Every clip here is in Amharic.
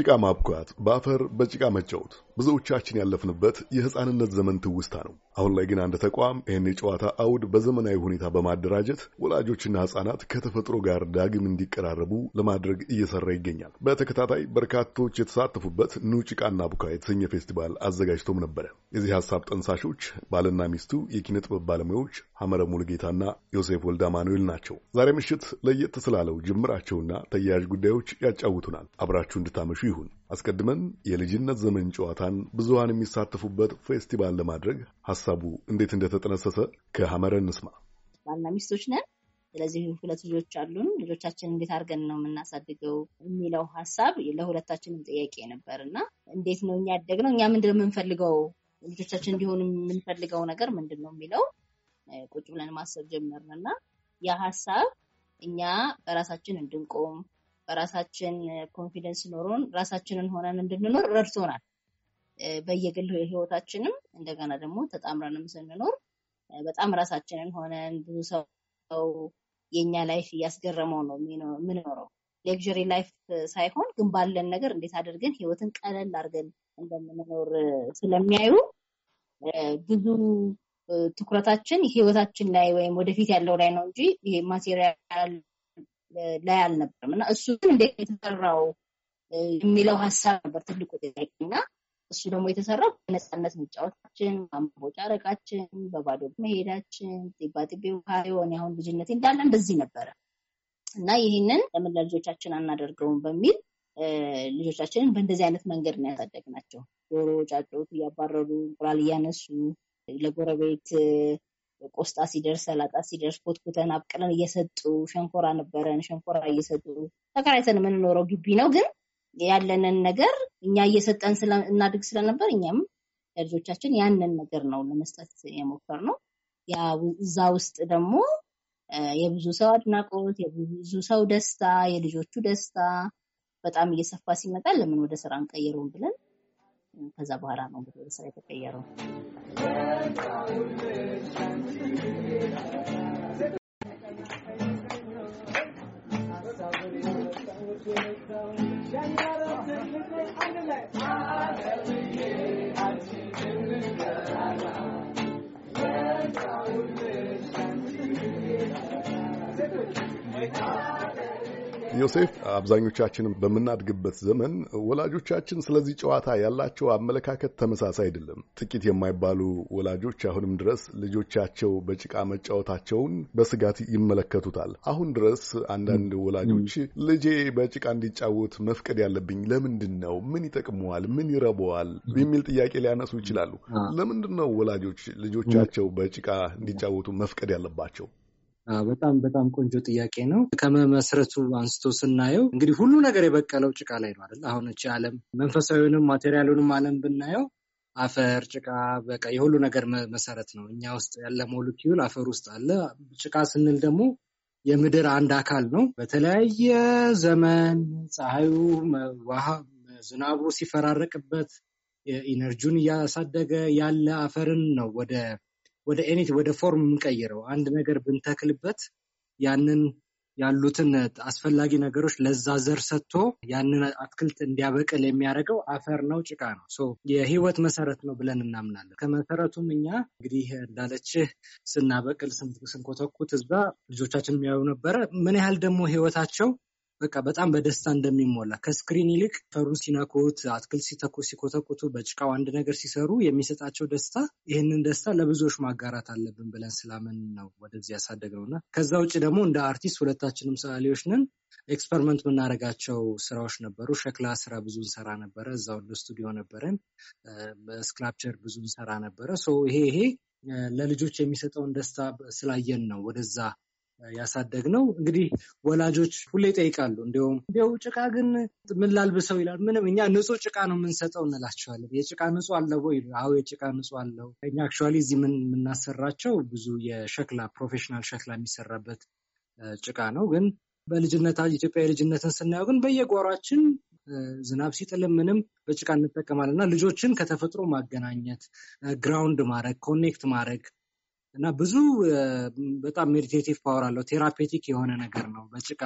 ጭቃ ማብኳት፣ በአፈር በጭቃ መጫወት ብዙዎቻችን ያለፍንበት የሕፃንነት ዘመን ትውስታ ነው። አሁን ላይ ግን አንድ ተቋም ይህን የጨዋታ አውድ በዘመናዊ ሁኔታ በማደራጀት ወላጆችና ህጻናት ከተፈጥሮ ጋር ዳግም እንዲቀራረቡ ለማድረግ እየሰራ ይገኛል። በተከታታይ በርካቶች የተሳተፉበት ኑ ጭቃና ቡካ የተሰኘ ፌስቲቫል አዘጋጅቶም ነበረ። የዚህ ሀሳብ ጠንሳሾች ባልና ሚስቱ የኪነ ጥበብ ባለሙያዎች ሐመረ ሙሉጌታና ዮሴፍ ወልደ አማኑኤል ናቸው። ዛሬ ምሽት ለየት ስላለው ጅምራቸውና ተያያዥ ጉዳዮች ያጫውቱናል። አብራችሁ እንድታመሹ ይሁን። አስቀድመን የልጅነት ዘመን ጨዋታን ብዙሃን የሚሳተፉበት ፌስቲቫል ለማድረግ ሀሳቡ እንዴት እንደተጠነሰሰ ከሀመረን እንስማ። ባልና ሚስቶች ነን። ስለዚህ ሁለት ልጆች አሉን። ልጆቻችን እንዴት አድርገን ነው የምናሳድገው የሚለው ሀሳብ ለሁለታችንም ጥያቄ ነበር እና እንዴት ነው እኛ ያደግነው፣ እኛ ምንድን ነው የምንፈልገው፣ ልጆቻችን እንዲሆን የምንፈልገው ነገር ምንድን ነው የሚለው ቁጭ ብለን ማሰብ ጀመርን እና ያ ሀሳብ እኛ በራሳችን እንድንቆም በራሳችን ኮንፊደንስ ኖሮን ራሳችንን ሆነን እንድንኖር ረድቶናል። በየግል ህይወታችንም እንደገና ደግሞ ተጣምረንም ስንኖር በጣም ራሳችንን ሆነን ብዙ ሰው የእኛ ላይፍ እያስገረመው ነው የምንኖረው። ሌክዥሪ ላይፍ ሳይሆን ግን ባለን ነገር እንዴት አድርገን ህይወትን ቀለል አድርገን እንደምንኖር ስለሚያዩ ብዙ ትኩረታችን ህይወታችን ላይ ወይም ወደፊት ያለው ላይ ነው እንጂ ይሄ ማቴሪያል ላይ አልነበረም እና እሱ ግን እንዴት የተሰራው የሚለው ሀሳብ ነበር ትልቁ ጥያቄ እና እሱ ደግሞ የተሰራው በነፃነት መጫወታችን፣ ማንቦ ረቃችን፣ በባዶ መሄዳችን፣ ጢባጢቤ ውሃ የሆነ አሁን ልጅነት እንዳለ እንደዚህ ነበረ እና ይህንን ለምን ለልጆቻችን አናደርገውም በሚል ልጆቻችንን በእንደዚህ አይነት መንገድ ነው ያሳደግናቸው። ዶሮ ጫጩት እያባረሩ፣ እንቁላል እያነሱ፣ ለጎረቤት ቆስጣ ሲደርስ፣ ሰላጣ ሲደርስ ኮትኩተን አብቅለን እየሰጡ ሸንኮራ ነበረን። ሸንኮራ እየሰጡ ተከራይተን የምንኖረው ግቢ ነው። ግን ያለንን ነገር እኛ እየሰጠን እናድግ ስለነበር እኛም ለልጆቻችን ያንን ነገር ነው ለመስጠት የሞከር ነው። እዛ ውስጥ ደግሞ የብዙ ሰው አድናቆት፣ የብዙ ሰው ደስታ፣ የልጆቹ ደስታ በጣም እየሰፋ ሲመጣ ለምን ወደ ስራ እንቀይረውን ብለን ከዛ በኋላ ነው እንግዲህ ወደ ስራ የተቀየረው። ዮሴፍ፣ አብዛኞቻችንም በምናድግበት ዘመን ወላጆቻችን ስለዚህ ጨዋታ ያላቸው አመለካከት ተመሳሳይ አይደለም። ጥቂት የማይባሉ ወላጆች አሁንም ድረስ ልጆቻቸው በጭቃ መጫወታቸውን በስጋት ይመለከቱታል። አሁን ድረስ አንዳንድ ወላጆች ልጄ በጭቃ እንዲጫወት መፍቀድ ያለብኝ ለምንድን ነው? ምን ይጠቅመዋል? ምን ይረበዋል? የሚል ጥያቄ ሊያነሱ ይችላሉ። ለምንድን ነው ወላጆች ልጆቻቸው በጭቃ እንዲጫወቱ መፍቀድ ያለባቸው? በጣም በጣም ቆንጆ ጥያቄ ነው። ከመመስረቱ አንስቶ ስናየው እንግዲህ ሁሉ ነገር የበቀለው ጭቃ ላይ ነው አይደል? አሁን እቺ ዓለም መንፈሳዊንም ማቴሪያሉንም ዓለም ብናየው አፈር፣ ጭቃ በቃ የሁሉ ነገር መሰረት ነው። እኛ ውስጥ ያለ ሞለኪውል አፈር ውስጥ አለ። ጭቃ ስንል ደግሞ የምድር አንድ አካል ነው። በተለያየ ዘመን ፀሐዩ፣ ውሃ፣ ዝናቡ ሲፈራረቅበት ኢነርጂውን እያሳደገ ያለ አፈርን ነው ወደ ወደ ኤኒት ወደ ፎርም የምንቀይረው አንድ ነገር ብንተክልበት ያንን ያሉትን አስፈላጊ ነገሮች ለዛ ዘር ሰጥቶ ያንን አትክልት እንዲያበቅል የሚያደርገው አፈር ነው፣ ጭቃ ነው። ሶ የህይወት መሰረት ነው ብለን እናምናለን። ከመሰረቱም እኛ እንግዲህ እንዳለችህ ስናበቅል ስንኮተኩት እዛ ልጆቻችን የሚያዩ ነበረ። ምን ያህል ደግሞ ህይወታቸው በቃ በጣም በደስታ እንደሚሞላ ከስክሪን ይልቅ ፈሩን ሲነኩት፣ አትክልት ሲኮተኩቱ፣ በጭቃው አንድ ነገር ሲሰሩ የሚሰጣቸው ደስታ ይህንን ደስታ ለብዙዎች ማጋራት አለብን ብለን ስላምን ነው ወደዚህ ያሳደግነውና ከዛ ውጭ ደግሞ እንደ አርቲስት ሁለታችንም ሰዓሊዎች ነን። ኤክስፐሪመንት የምናደርጋቸው ስራዎች ነበሩ። ሸክላ ስራ ብዙ እንሰራ ነበረ። እዛው ስቱዲዮ ነበረን። ስክላፕቸር ብዙ እንሰራ ነበረ። ይሄ ይሄ ለልጆች የሚሰጠውን ደስታ ስላየን ነው ወደዛ ያሳደግ ነው እንግዲህ ወላጆች ሁሌ ይጠይቃሉ፣ እንዲሁም እንዲው ጭቃ ግን ምን ላልብሰው ይላል። ምንም እኛ ንጹህ ጭቃ ነው የምንሰጠው እንላቸዋለን። የጭቃ ንጹህ አለው ወይ? አዎ የጭቃ ንጹህ አለው። እኛ አክቹዋሊ እዚህ የምናሰራቸው ብዙ የሸክላ ፕሮፌሽናል ሸክላ የሚሰራበት ጭቃ ነው ግን በልጅነት ኢትዮጵያ የልጅነትን ስናየው ግን በየጓሯችን ዝናብ ሲጥልም ምንም በጭቃ እንጠቀማለን እና ልጆችን ከተፈጥሮ ማገናኘት ግራውንድ ማድረግ ኮኔክት ማድረግ እና ብዙ በጣም ሜዲቴቲቭ ፓወር አለው። ቴራፔቲክ የሆነ ነገር ነው። በጭቃ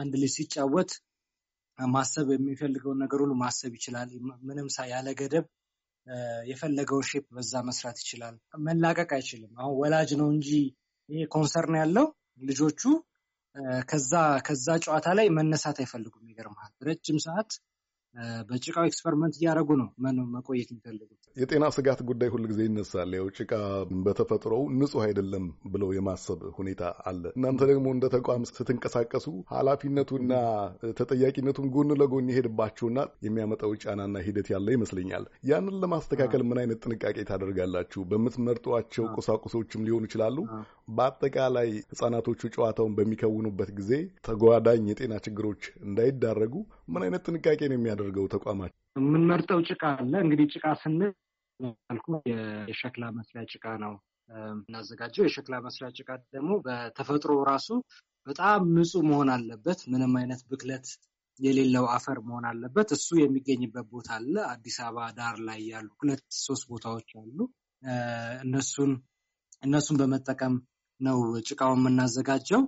አንድ ልጅ ሲጫወት ማሰብ የሚፈልገውን ነገር ሁሉ ማሰብ ይችላል። ምንም ሳ ያለ ገደብ የፈለገው ሼፕ በዛ መስራት ይችላል። መላቀቅ አይችልም። አሁን ወላጅ ነው እንጂ ይሄ ኮንሰርን ያለው ልጆቹ ከዛ ከዛ ጨዋታ ላይ መነሳት አይፈልጉም። ይገርምሃል። ረጅም ሰዓት በጭቃው ኤክስፐሪመንት እያደረጉ ነው መቆየት የሚፈልጉት የጤና ስጋት ጉዳይ ሁል ጊዜ ይነሳል። ያው ጭቃ በተፈጥሮው ንጹህ አይደለም ብለው የማሰብ ሁኔታ አለ። እናንተ ደግሞ እንደ ተቋም ስትንቀሳቀሱ ኃላፊነቱና ተጠያቂነቱን ጎን ለጎን ይሄድባችሁና የሚያመጣው ጫናና ሂደት ያለ ይመስለኛል። ያንን ለማስተካከል ምን አይነት ጥንቃቄ ታደርጋላችሁ? በምትመርጧቸው ቁሳቁሶችም ሊሆኑ ይችላሉ። በአጠቃላይ ህጻናቶቹ ጨዋታውን በሚከውኑበት ጊዜ ተጓዳኝ የጤና ችግሮች እንዳይዳረጉ ምን አይነት ጥንቃቄ ነው የሚያደርገው ተቋማቸው? የምንመርጠው ጭቃ አለ እንግዲህ ጭቃ ስንል መልኩ የሸክላ መስሪያ ጭቃ ነው የምናዘጋጀው። የሸክላ መስሪያ ጭቃ ደግሞ በተፈጥሮ ራሱ በጣም ንጹህ መሆን አለበት። ምንም አይነት ብክለት የሌለው አፈር መሆን አለበት። እሱ የሚገኝበት ቦታ አለ። አዲስ አበባ ዳር ላይ ያሉ ሁለት ሶስት ቦታዎች አሉ። እነሱን እነሱን በመጠቀም ነው ጭቃውን የምናዘጋጀው።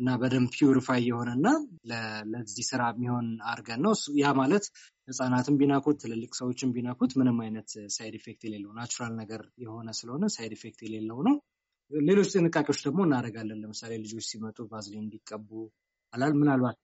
እና በደንብ ፒውሪፋይ የሆነ እና ለዚህ ስራ የሚሆን አድርገን ነው። ያ ማለት ህጻናትን ቢናኩት ትልልቅ ሰዎችን ቢናኩት ምንም አይነት ሳይድ ኢፌክት የሌለው ናቹራል ነገር የሆነ ስለሆነ ሳይድ ኢፌክት የሌለው ነው። ሌሎች ጥንቃቄዎች ደግሞ እናደርጋለን። ለምሳሌ ልጆች ሲመጡ ቫዝሊን እንዲቀቡ አላል ምናልባት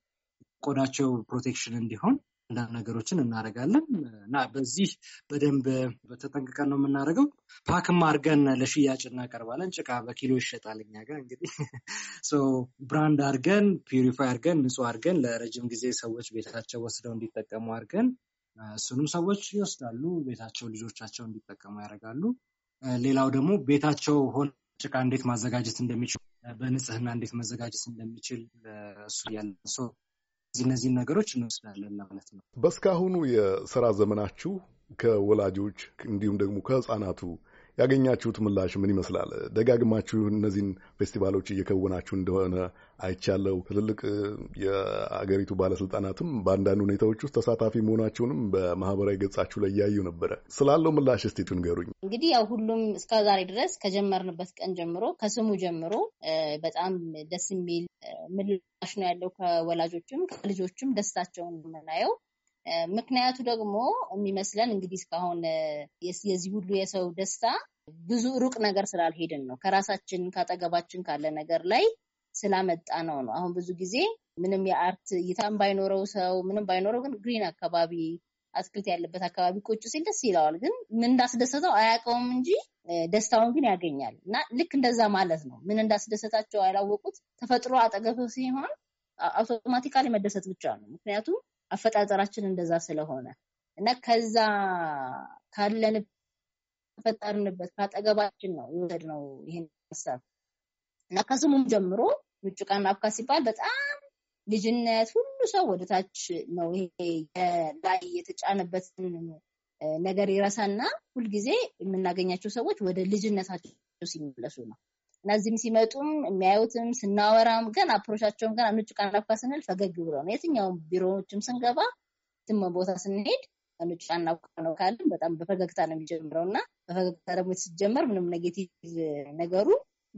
ቆዳቸው ፕሮቴክሽን እንዲሆን አንዳንድ ነገሮችን እናደርጋለን እና በዚህ በደንብ በተጠንቅቀን ነው የምናደርገው። ፓክም አድርገን ለሽያጭ እናቀርባለን። ጭቃ በኪሎ ይሸጣል እኛ ጋር እንግዲህ ብራንድ አድርገን ፒሪፋይ አድርገን ንጹህ አድርገን ለረጅም ጊዜ ሰዎች ቤታቸው ወስደው እንዲጠቀሙ አድርገን እሱንም ሰዎች ይወስዳሉ። ቤታቸው ልጆቻቸው እንዲጠቀሙ ያደርጋሉ። ሌላው ደግሞ ቤታቸው ሆነ ጭቃ እንዴት ማዘጋጀት እንደሚችል በንጽህና እንዴት መዘጋጀት እንደሚችል እሱ ያለ እነዚህ ነገሮች እንወስዳለን ማለት ነው። በእስካሁኑ የስራ ዘመናችሁ ከወላጆች እንዲሁም ደግሞ ከህፃናቱ ያገኛችሁት ምላሽ ምን ይመስላል? ደጋግማችሁ እነዚህን ፌስቲቫሎች እየከወናችሁ እንደሆነ አይቻለው። ትልልቅ የአገሪቱ ባለስልጣናትም በአንዳንድ ሁኔታዎች ውስጥ ተሳታፊ መሆናችሁንም በማህበራዊ ገጻችሁ ላይ እያዩ ነበረ። ስላለው ምላሽ እስቲ ንገሩኝ። እንግዲህ ያው ሁሉም እስከ ዛሬ ድረስ ከጀመርንበት ቀን ጀምሮ ከስሙ ጀምሮ በጣም ደስ የሚል ምላሽ ነው ያለው። ከወላጆችም ከልጆችም ደስታቸውን የምናየው ምክንያቱ ደግሞ የሚመስለን እንግዲህ እስካሁን የዚህ ሁሉ የሰው ደስታ ብዙ ሩቅ ነገር ስላልሄድን ነው። ከራሳችን ካጠገባችን ካለ ነገር ላይ ስላመጣ ነው ነው። አሁን ብዙ ጊዜ ምንም የአርት እይታም ባይኖረው ሰው ምንም ባይኖረው፣ ግን ግሪን አካባቢ አትክልት ያለበት አካባቢ ቁጭ ሲል ደስ ይለዋል። ግን ምን እንዳስደሰተው አያውቀውም እንጂ ደስታውን ግን ያገኛል። እና ልክ እንደዛ ማለት ነው። ምን እንዳስደሰታቸው ያላወቁት ተፈጥሮ አጠገብ ሲሆን አውቶማቲካሊ መደሰት ብቻ ነው። ምክንያቱም አፈጣጠራችን እንደዛ ስለሆነ እና ከዛ ካለን ተፈጠርንበት ካጠገባችን ነው ይወሰድ ነው ይህን ሀሳብ እና ከስሙም ጀምሮ ምጭቃና አብካ ሲባል በጣም ልጅነት ሁሉ ሰው ወደታች ነው። ይሄ ላይ የተጫነበትን ነገር ይረሳና ሁልጊዜ የምናገኛቸው ሰዎች ወደ ልጅነታቸው ሲመለሱ ነው። እና እዚህም ሲመጡም የሚያዩትም ስናወራም ገና አፕሮቻቸውም አንድ ጭቃ እናብካ ስንል ፈገግ ብሎ ነው። የትኛውም ቢሮዎችም ስንገባ ትም ቦታ ስንሄድ አንድ ጭቃ ቃናኳ ነው ካልን በጣም በፈገግታ ነው የሚጀምረው እና በፈገግታ ደግሞ ሲጀመር ምንም ኔጌቲቭ ነገሩ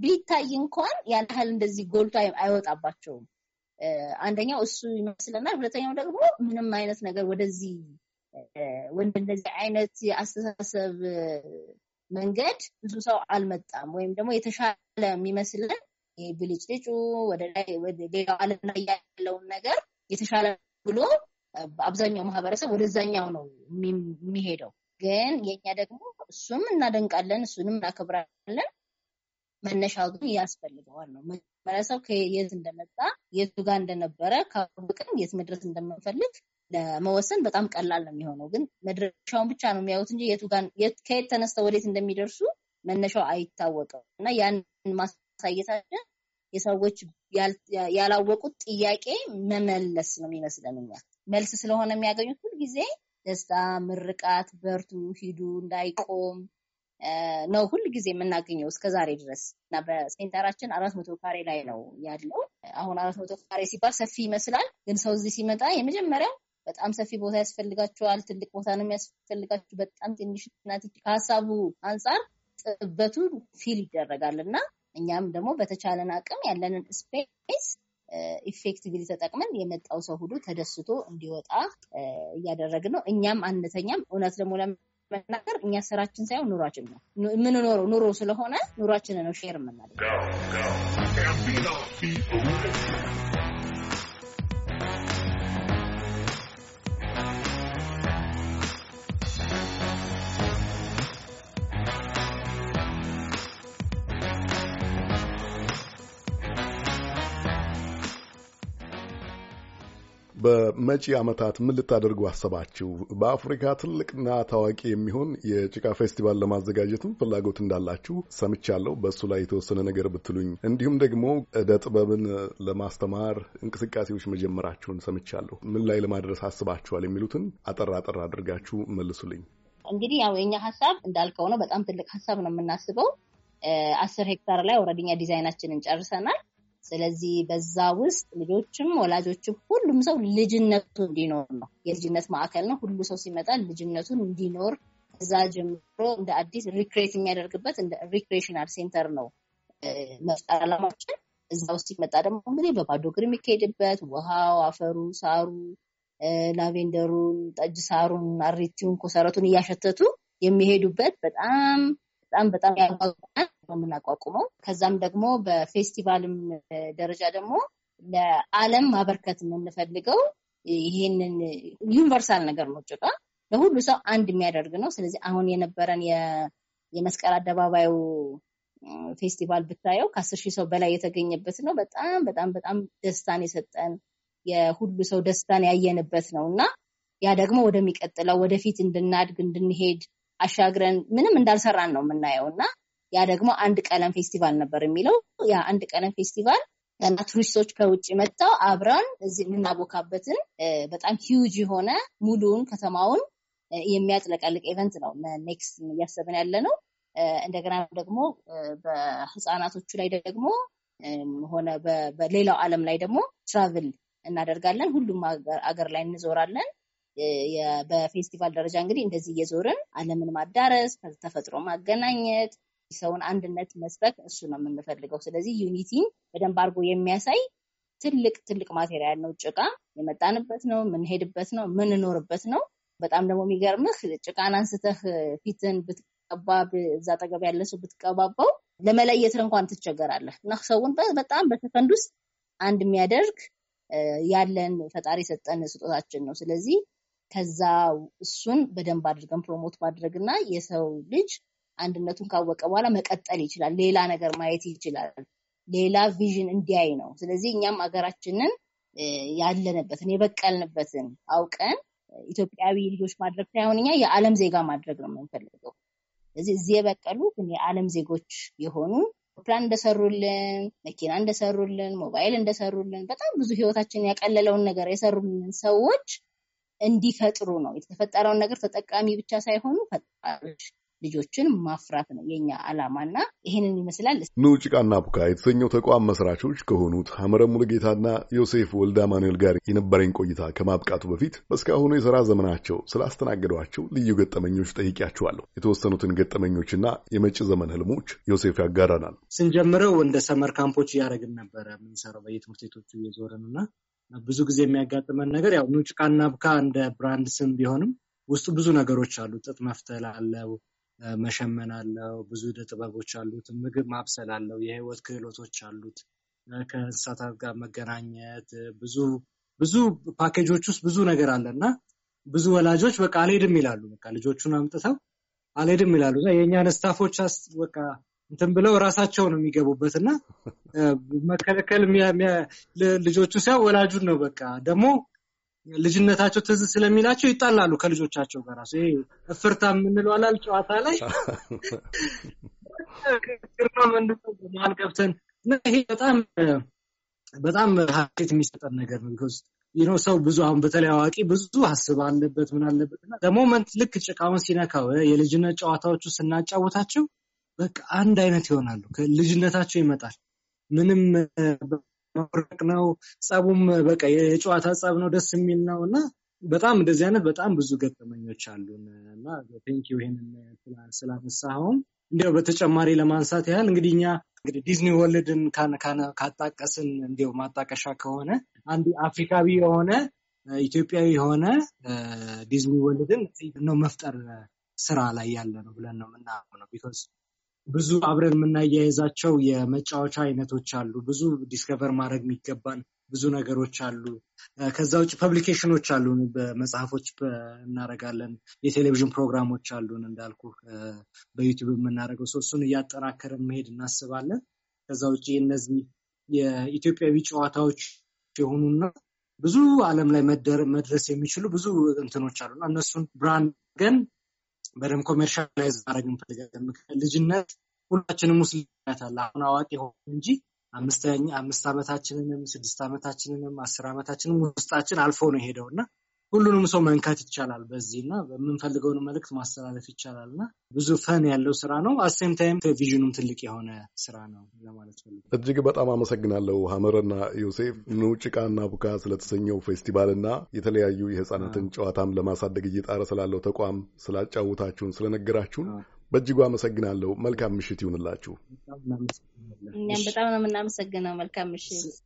ቢታይ እንኳን ያን ያህል እንደዚህ ጎልቶ አይወጣባቸውም። አንደኛው እሱ ይመስለናል። ሁለተኛው ደግሞ ምንም አይነት ነገር ወደዚህ ወደ እንደዚህ አይነት አስተሳሰብ መንገድ ብዙ ሰው አልመጣም። ወይም ደግሞ የተሻለ የሚመስለን ብልጭልጩ ወደ ሌላው ዓለም ላይ ያለውን ነገር የተሻለ ብሎ አብዛኛው ማህበረሰብ ወደዛኛው ነው የሚሄደው። ግን የኛ ደግሞ እሱም እናደንቃለን፣ እሱንም እናከብራለን። መነሻው ግን ያስፈልገዋል ነው ማህበረሰብ ከየት እንደመጣ የቱ ጋር እንደነበረ ካወቅን የት መድረስ እንደምንፈልግ ለመወሰን በጣም ቀላል ነው የሚሆነው። ግን መድረሻውን ብቻ ነው የሚያዩት እንጂ ከየት ተነስተው ወዴት እንደሚደርሱ መነሻው አይታወቅም እና ያንን ማሳየታችን የሰዎች ያላወቁት ጥያቄ መመለስ ነው የሚመስለን እኛ መልስ ስለሆነ የሚያገኙት ሁልጊዜ ደስታ፣ ምርቃት፣ በርቱ፣ ሂዱ፣ እንዳይቆም ነው ሁል ጊዜ የምናገኘው እስከ ዛሬ ድረስ እና በሴንተራችን አራት መቶ ካሬ ላይ ነው ያለው። አሁን አራት መቶ ካሬ ሲባል ሰፊ ይመስላል፣ ግን ሰው እዚህ ሲመጣ የመጀመሪያው በጣም ሰፊ ቦታ ያስፈልጋቸዋል። ትልቅ ቦታ ነው የሚያስፈልጋቸው። በጣም ትንሽ ናት። ከሀሳቡ አንጻር ጥበቱ ፊል ይደረጋል እና እኛም ደግሞ በተቻለን አቅም ያለንን ስፔስ ኢፌክቲቭሊ ተጠቅመን የመጣው ሰው ሁሉ ተደስቶ እንዲወጣ እያደረግ ነው። እኛም አነተኛም እውነት ደግሞ ለመናገር እኛ ስራችን ሳይሆን ኑሯችን ነው የምንኖረው። ኑሮ ስለሆነ ኑሯችን ነው ሼር የምናደርገው። በመጪ ዓመታት ምን ልታደርጉ አሰባችሁ? በአፍሪካ ትልቅና ታዋቂ የሚሆን የጭቃ ፌስቲቫል ለማዘጋጀትም ፍላጎት እንዳላችሁ ሰምቻለሁ። በእሱ ላይ የተወሰነ ነገር ብትሉኝ፣ እንዲሁም ደግሞ እደ ጥበብን ለማስተማር እንቅስቃሴዎች መጀመራችሁን ሰምቻለሁ። ምን ላይ ለማድረስ አስባችኋል? የሚሉትን አጠር አጠር አድርጋችሁ መልሱልኝ። እንግዲህ ያው የኛ ሀሳብ እንዳልከው ነው። በጣም ትልቅ ሀሳብ ነው የምናስበው። አስር ሄክታር ላይ ወረድኛ ዲዛይናችንን ጨርሰናል። ስለዚህ በዛ ውስጥ ልጆችም ወላጆችም ሁሉም ሰው ልጅነቱ እንዲኖር ነው። የልጅነት ማዕከል ነው። ሁሉ ሰው ሲመጣ ልጅነቱን እንዲኖር ከዛ ጀምሮ እንደ አዲስ ሪክሬት የሚያደርግበት እንደ ሪክሬሽናል ሴንተር ነው መፍጠር አላማችን። እዛ ውስጥ ሲመጣ ደግሞ እንግዲህ በባዶ እግር የሚካሄድበት ውሃው፣ አፈሩ፣ ሳሩ፣ ላቬንደሩን፣ ጠጅ ሳሩን፣ አሪቲውን፣ ኮሰረቱን እያሸተቱ የሚሄዱበት በጣም በጣም በጣም ያጓጓል። ነው የምናቋቁመው። ከዛም ደግሞ በፌስቲቫልም ደረጃ ደግሞ ለዓለም ማበርከት የምንፈልገው ይህንን ዩኒቨርሳል ነገር ነው። ጭቃ ለሁሉ ሰው አንድ የሚያደርግ ነው። ስለዚህ አሁን የነበረን የመስቀል አደባባዩ ፌስቲቫል ብታየው ከአስር ሺህ ሰው በላይ የተገኘበት ነው። በጣም በጣም በጣም ደስታን የሰጠን የሁሉ ሰው ደስታን ያየንበት ነው እና ያ ደግሞ ወደሚቀጥለው ወደፊት እንድናድግ እንድንሄድ አሻግረን ምንም እንዳልሰራን ነው የምናየው እና ያ ደግሞ አንድ ቀለም ፌስቲቫል ነበር የሚለው ያ አንድ ቀለም ፌስቲቫል እና ቱሪስቶች ከውጭ መጥተው አብረን እዚህ የምናቦካበትን በጣም ሂውጅ የሆነ ሙሉውን ከተማውን የሚያጥለቀልቅ ኢቨንት ነው ኔክስት እያሰብን ያለ ነው። እንደገና ደግሞ በህፃናቶቹ ላይ ደግሞ ሆነ በሌላው ዓለም ላይ ደግሞ ትራቭል እናደርጋለን። ሁሉም አገር ላይ እንዞራለን። በፌስቲቫል ደረጃ እንግዲህ እንደዚህ እየዞርን ዓለምን ማዳረስ፣ ተፈጥሮ ማገናኘት ሰውን አንድነት መስበክ እሱ ነው የምንፈልገው። ስለዚህ ዩኒቲን በደንብ አድርጎ የሚያሳይ ትልቅ ትልቅ ማቴሪያል ነው። ጭቃ የመጣንበት ነው፣ የምንሄድበት ነው፣ የምንኖርበት ነው። በጣም ደግሞ የሚገርምህ ጭቃን አንስተህ ፊትን ብትቀባ እዛ አጠገብ ያለ ሰው ብትቀባባው ለመለየት እንኳን ትቸገራለህ እና ሰውን በጣም በሰከንድ ውስጥ አንድ የሚያደርግ ያለን ፈጣሪ የሰጠን ስጦታችን ነው። ስለዚህ ከዛ እሱን በደንብ አድርገን ፕሮሞት ማድረግ እና የሰው ልጅ አንድነቱን ካወቀ በኋላ መቀጠል ይችላል። ሌላ ነገር ማየት ይችላል። ሌላ ቪዥን እንዲያይ ነው። ስለዚህ እኛም አገራችንን ያለንበትን የበቀልንበትን አውቀን ኢትዮጵያዊ ልጆች ማድረግ ሳይሆን እኛ የዓለም ዜጋ ማድረግ ነው የምንፈልገው። ስለዚህ እዚህ የበቀሉ የዓለም ዜጎች የሆኑ ፕላን እንደሰሩልን፣ መኪና እንደሰሩልን፣ ሞባይል እንደሰሩልን በጣም ብዙ ህይወታችንን ያቀለለውን ነገር የሰሩልን ሰዎች እንዲፈጥሩ ነው። የተፈጠረውን ነገር ተጠቃሚ ብቻ ሳይሆኑ ፈጣሪዎች ልጆችን ማፍራት ነው የኛ አላማ እና ይህንን ይመስላል። ኑ ጭቃና ቡካ የተሰኘው ተቋም መስራቾች ከሆኑት ሐመረ ሙሉጌታና ዮሴፍ ወልደ ማኑኤል ጋር የነበረኝ ቆይታ ከማብቃቱ በፊት በእስካሁኑ የሥራ ዘመናቸው ስላስተናገዷቸው ልዩ ገጠመኞች ጠይቂያቸዋለሁ። የተወሰኑትን ገጠመኞችና የመጪ ዘመን ህልሞች ዮሴፍ ያጋራናል። ስንጀምረው እንደ ሰመር ካምፖች እያደረግን ነበረ የምንሰራው በየትምህርት ቤቶቹ እየዞርን እና ብዙ ጊዜ የሚያጋጥመን ነገር ያው ኑ ጭቃና ቡካ እንደ ብራንድ ስም ቢሆንም ውስጡ ብዙ ነገሮች አሉ። ጥጥ መፍተል አለው፣ መሸመን አለው፣ ብዙ እደ ጥበቦች አሉት፣ ምግብ ማብሰል አለው፣ የህይወት ክህሎቶች አሉት፣ ከእንስሳታት ጋር መገናኘት ብዙ ብዙ ፓኬጆች ውስጥ ብዙ ነገር አለ እና ብዙ ወላጆች በቃ አልሄድም ይላሉ። በቃ ልጆቹን አምጥተው አልሄድም ይላሉ። የእኛን ስታፎች በቃ እንትን ብለው ራሳቸውን የሚገቡበት እና መከለከል ልጆቹ ሲያ ወላጁን ነው በቃ ደግሞ ልጅነታቸው ትዝ ስለሚላቸው ይጣላሉ ከልጆቻቸው ጋር። ይሄ እፍርታ የምንለው አላል ጨዋታ ላይ መሀል ገብተን እና ይሄ በጣም በጣም ሀሴት የሚሰጠን ነገር ነው። ይኖ ሰው ብዙ አሁን በተለይ አዋቂ ብዙ አስብ አለበት ምን አለበት እና ሞመንት ልክ ጭቃውን ሲነካው የልጅነት ጨዋታዎቹ ስናጫወታቸው በቃ አንድ አይነት ይሆናሉ። ልጅነታቸው ይመጣል። ምንም መውረቅ ነው። ጸቡም በቃ የጨዋታ ጸብ ነው፣ ደስ የሚል ነው እና በጣም እንደዚህ አይነት በጣም ብዙ ገጠመኞች አሉን እና ቴንኪ ይሄንን ስላነሳኸውም እንዲያው በተጨማሪ ለማንሳት ያህል እንግዲህ እኛ እንግዲህ ዲዝኒ ወርልድን ካጣቀስን እንዲያው ማጣቀሻ ከሆነ አንድ አፍሪካዊ የሆነ ኢትዮጵያዊ የሆነ ዲዝኒ ወርልድን ነው መፍጠር ስራ ላይ ያለ ነው ብለን ነው የምናምነው ቢኮዝ ብዙ አብረን የምናያይዛቸው የመጫወቻ አይነቶች አሉ። ብዙ ዲስከቨር ማድረግ የሚገባን ብዙ ነገሮች አሉ። ከዛ ውጭ ፐብሊኬሽኖች አሉን፣ በመጽሐፎች እናደርጋለን። የቴሌቪዥን ፕሮግራሞች አሉን እንዳልኩ በዩቲዩብ የምናደርገው ሰው እሱን እያጠናከርን መሄድ እናስባለን። ከዛ ውጭ እነዚህ የኢትዮጵያዊ ጨዋታዎች የሆኑና ብዙ ዓለም ላይ መድረስ የሚችሉ ብዙ እንትኖች አሉና እነሱን ብራንድ ግን በደንብ ኮሜርሻላይዝ ማድረግ እንፈልጋለን። ምክንያት ልጅነት ሁላችንም ውስጥ ልጅነት አለ። አሁን አዋቂ ሆን እንጂ አምስት ዓመታችንንም ስድስት ዓመታችንንም አስር ዓመታችንም ውስጣችን አልፎ ነው የሄደው እና ሁሉንም ሰው መንካት ይቻላል በዚህ እና በምንፈልገውን መልእክት ማስተላለፍ ይቻላል እና ብዙ ፈን ያለው ስራ ነው። አሴም ታይም ቪዥኑም ትልቅ የሆነ ስራ ነው ለማለት ፈልግ። እጅግ በጣም አመሰግናለሁ ሀመርና ዮሴፍ ንውጭቃና ቡካ ስለተሰኘው ፌስቲቫልና የተለያዩ የህፃናትን ጨዋታም ለማሳደግ እየጣረ ስላለው ተቋም ስላጫወታችሁን ስለነገራችሁን በእጅጉ አመሰግናለሁ። መልካም ምሽት ይሁንላችሁ። እኛም በጣም ነው የምናመሰግነው። መልካም ምሽት።